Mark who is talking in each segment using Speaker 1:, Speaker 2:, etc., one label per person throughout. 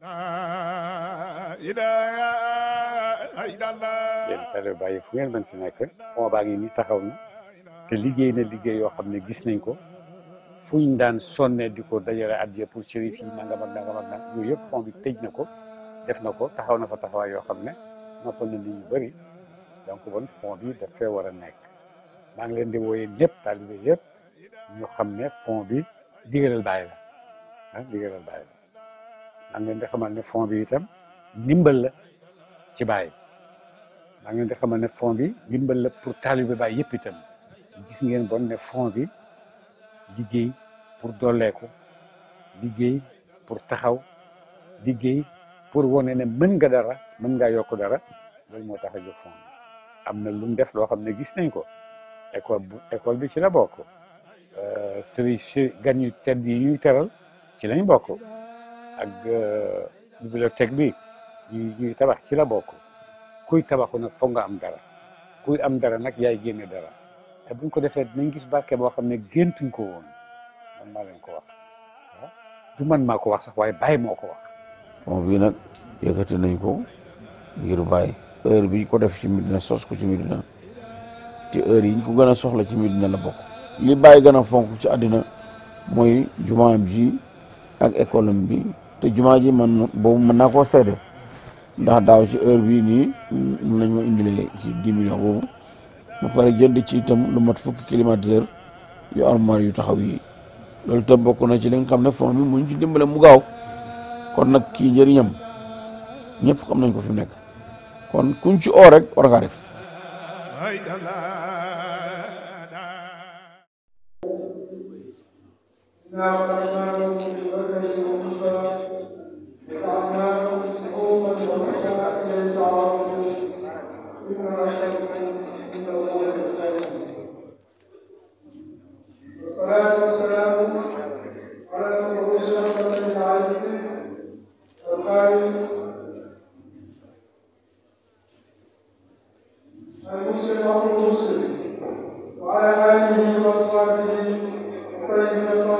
Speaker 1: leen
Speaker 2: tare bàyyi fu ngeen mën si nekk fond baa ngi nii taxaw na te liggéey na liggéey yoo xam ne gis nañ ko fu ñu daan sonne di ko dajale addiya pour chérif yi nangam ak nangam ak yëpp fond bi tëj na ko def na ko taxaw na fa taxawaay yoo xam ne noppal nit ñu bëri donc bon fond bi daf war a nekk maa ngi leen di wooyee yépp taalibe yëpp ñu xam ne fond bi digalal bàyyi la ah digalal maa ngi leen di ne fond bi itam ndimbal la ci Baye maa ngi leen ne fond bi ndimbal la pour taalibe Baye yëpp itam gis ngeen bon ne fond bi liggéey pour dolleeku liggéey pour taxaw liggéey pour wone ne mën nga dara mën ngaa yokk dara loolu moo tax a jóg fond am na lu mu def loo xam ne gis nañ ko école bu école bi ci la bokk euh, sëriñ si gan yu tedd yi ñuy teral ci lañ bokk ak euh, bibliothèque bi ñuy tabax ci la bokk kuy tabaxu nag foog nga am dara kuy am dara nag yaay génne dara te buñ ko defee dinañ gis barke boo xam ne géntuñ ko woon man maa ko wax du man maa ko wax sax waaye bàyyi moo ko wax.
Speaker 1: bon bii nag yëkkati nañ ko ngir bàyyi heure bi ko def ci Medina sos ko ci Medina te heure yi ñu ko gën a soxla ci Medina la bokk. li bàyyi gën a fonk ci àddina mooy jumaam ji ak école bi. te jumaa ji man mën naa koo seede ndax daaw ci heure bii nii mun nañ ma indilee ci dix millions boobu ba pare jënd ci itam lu mat fukki climatiseur yu armoire yu taxaw yi loolu itam bokk na ci li xam ne fond bi mu ci dimbale mu gaaw kon nag kii njëriñam ñëpp xam nañ ko fi mu nekk kon kuñ ci oo rek war ngaa def
Speaker 3: والصلاة والسلام على المبعوث رحمة للعالمين القائل المسلم المسلم وعلى آله وأصحابه وطيبين الطاهرين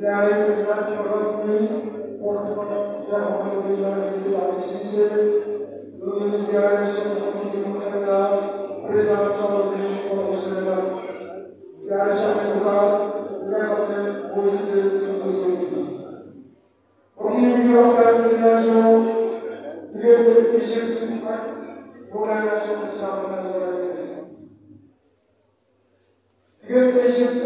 Speaker 3: Değerli Mehmet Karasmi, Ortadoğu'ya Hamdülillah Bizi Abdülsiz'e, Bölümünü ziyaret için Hamdülillah'a, Rıza Çalı'nın konuşlarına, Ziyaret Şahmet'e, Rıha'nın boyunca tutmasını. Bugün bir hafta dinlerce o, bir hafta için tüm kalp, bu hayatın müsaadenlerine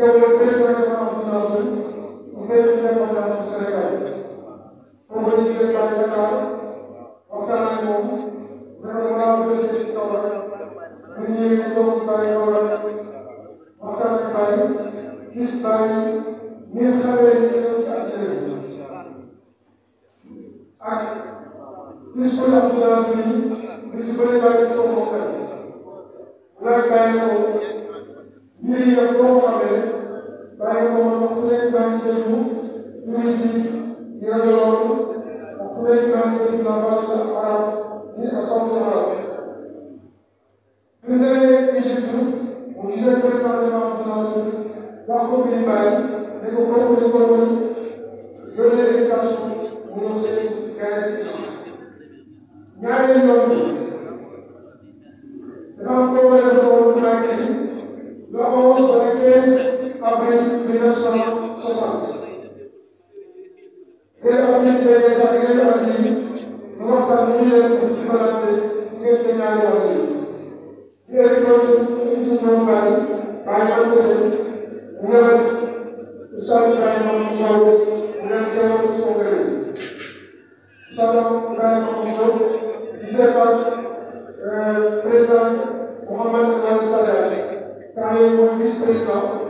Speaker 3: teewul président coordination bu président coordination Sénégal foofu ñu Sénégal Dakar waxtaan ak moom ne ko naa bëgg ci Kaolack bu ñëwee toog bàyyi Kaolack waxtaan ak bàyyi gis bàyyi ni nga xamee ni ñëw ci àddina bi ak gis ko ambulance bi lu ci bëri bàyyi ko mokkal laaj bàyyi ko mbir yi boo xamee waaye moom xulay baa ngi dañu wuyu si yore loolu xulay baa ngi dañu la faral la arab di assemblée arab bi mu demee Égypte mu gisee président des membres de nation wax ko bi bàyyi ne ko ko ne ko ne yónnee invitation mu ñëw seet gars yi si ñaari yoon dafa am ko wala dafa war a laajte la 11 wala 15 avril 1960 Guèye Amin Guèye ak Guèye Aziz ñu waxtaan ñu ngi leen di dimbalante diggante ñaari at yi ñu élection ci ñu ñoom Baye Baye Antoine ñëwal Oustaz Baye Mom Diaw ñaan teewal ci sama kër Oustaz Baye Mom Diaw di seetal président Mouhamed Nal Sadat temps yii mooy vice président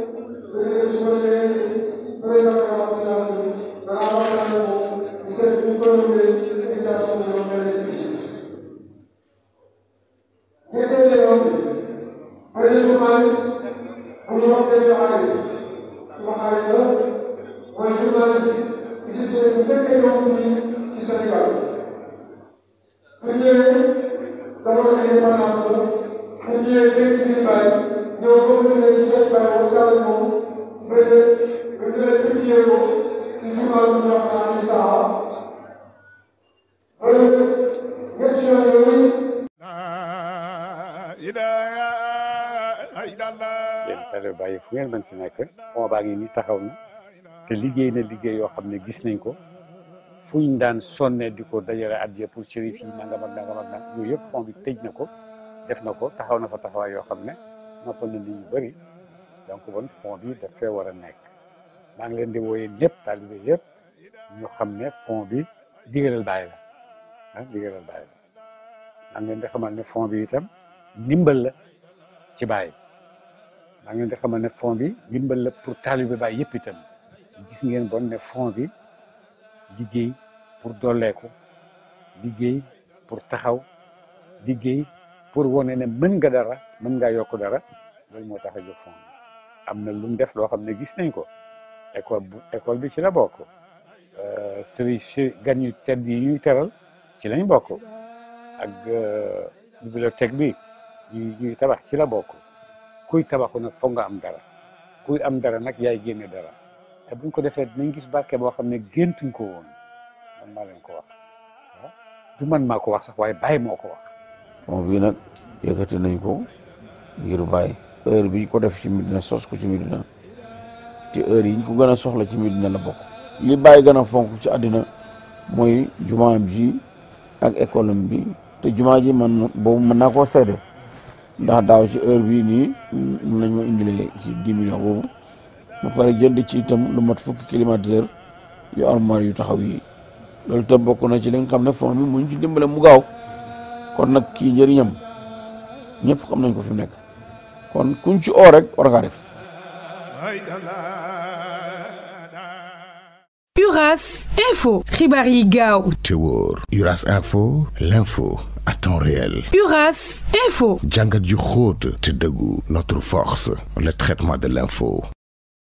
Speaker 2: réellement ci nekk combat yi ni taxaw na te liggéey na liggéey yoo xam ne gis nañ ko fu ñu daan sonne di ko dajale addiya pour chérif yi nangam ak na ak nangam yooyu yëpp fond bi tëj na ko def na ko taxaw na fa taxawaay yoo xam ne noppal na ñu bëri donc bon fond bi war a nekk maa ngi leen di wooyee ñëpp taalibe yëpp ñu xam ne fond bi digalal bàyyi la ah digalal bàyyi la maa leen di xamal ne fond bi itam ndimbal la ci baay maa ngi leen di xamal ne fond bi ndimbal la pour taalibe bàyyi yëpp itam gis ngeen bon ne fond bi liggéey pour dolleeku liggéey pour taxaw liggéey pour wane ne mën nga dara mën ngaa yokk dara loolu moo tax a jóg fond am na lu def loo xam ne gis nañ ko école bu école bi ci la bokk euh, sëriñ si gan yu yi ñuy teral ci lañ bokk ak euh, bibliothèque bi ñuy ñuy tabax ci la bokk kuy tabaxu nag foog nga am dara kuy am dara nag yaay génne dara te buñ ko defee dinañ gis barke boo xam ne géntuñ ko woon man maa ko wax du man maa ko wax sax waaye bàyyi moo ko wax.
Speaker 1: bon bii nag yëkkati nañ ko ngir bàyyi heure biñ ko def ci Medina sos ko ci Medina te heure yi ko gën a soxla ci Medina la bokk. li bàyyi gën a fonk ci àddina mooy jumaa ji ak école bi te jumaa ji man boobu mën naa koo seede ndax daaw ci heure bii nii mun nañ ma indilee ci dix millions ba pare jënd ci itam lu mat fukki climatiseur yu armoire yu taxaw yi loolu itam bokk na ci li xam ne fond bi mu ñu ci dimbale mu gaaw kon nag kii njëriñam ñëpp xam nañ ko fi nekk kon kuñ ci oo rek war ngaa def Uras Info yi gaaw te wóor l'info à réel
Speaker 3: Uras Info
Speaker 1: jàngat yu xoot te dëggu notre force le traitement de l'info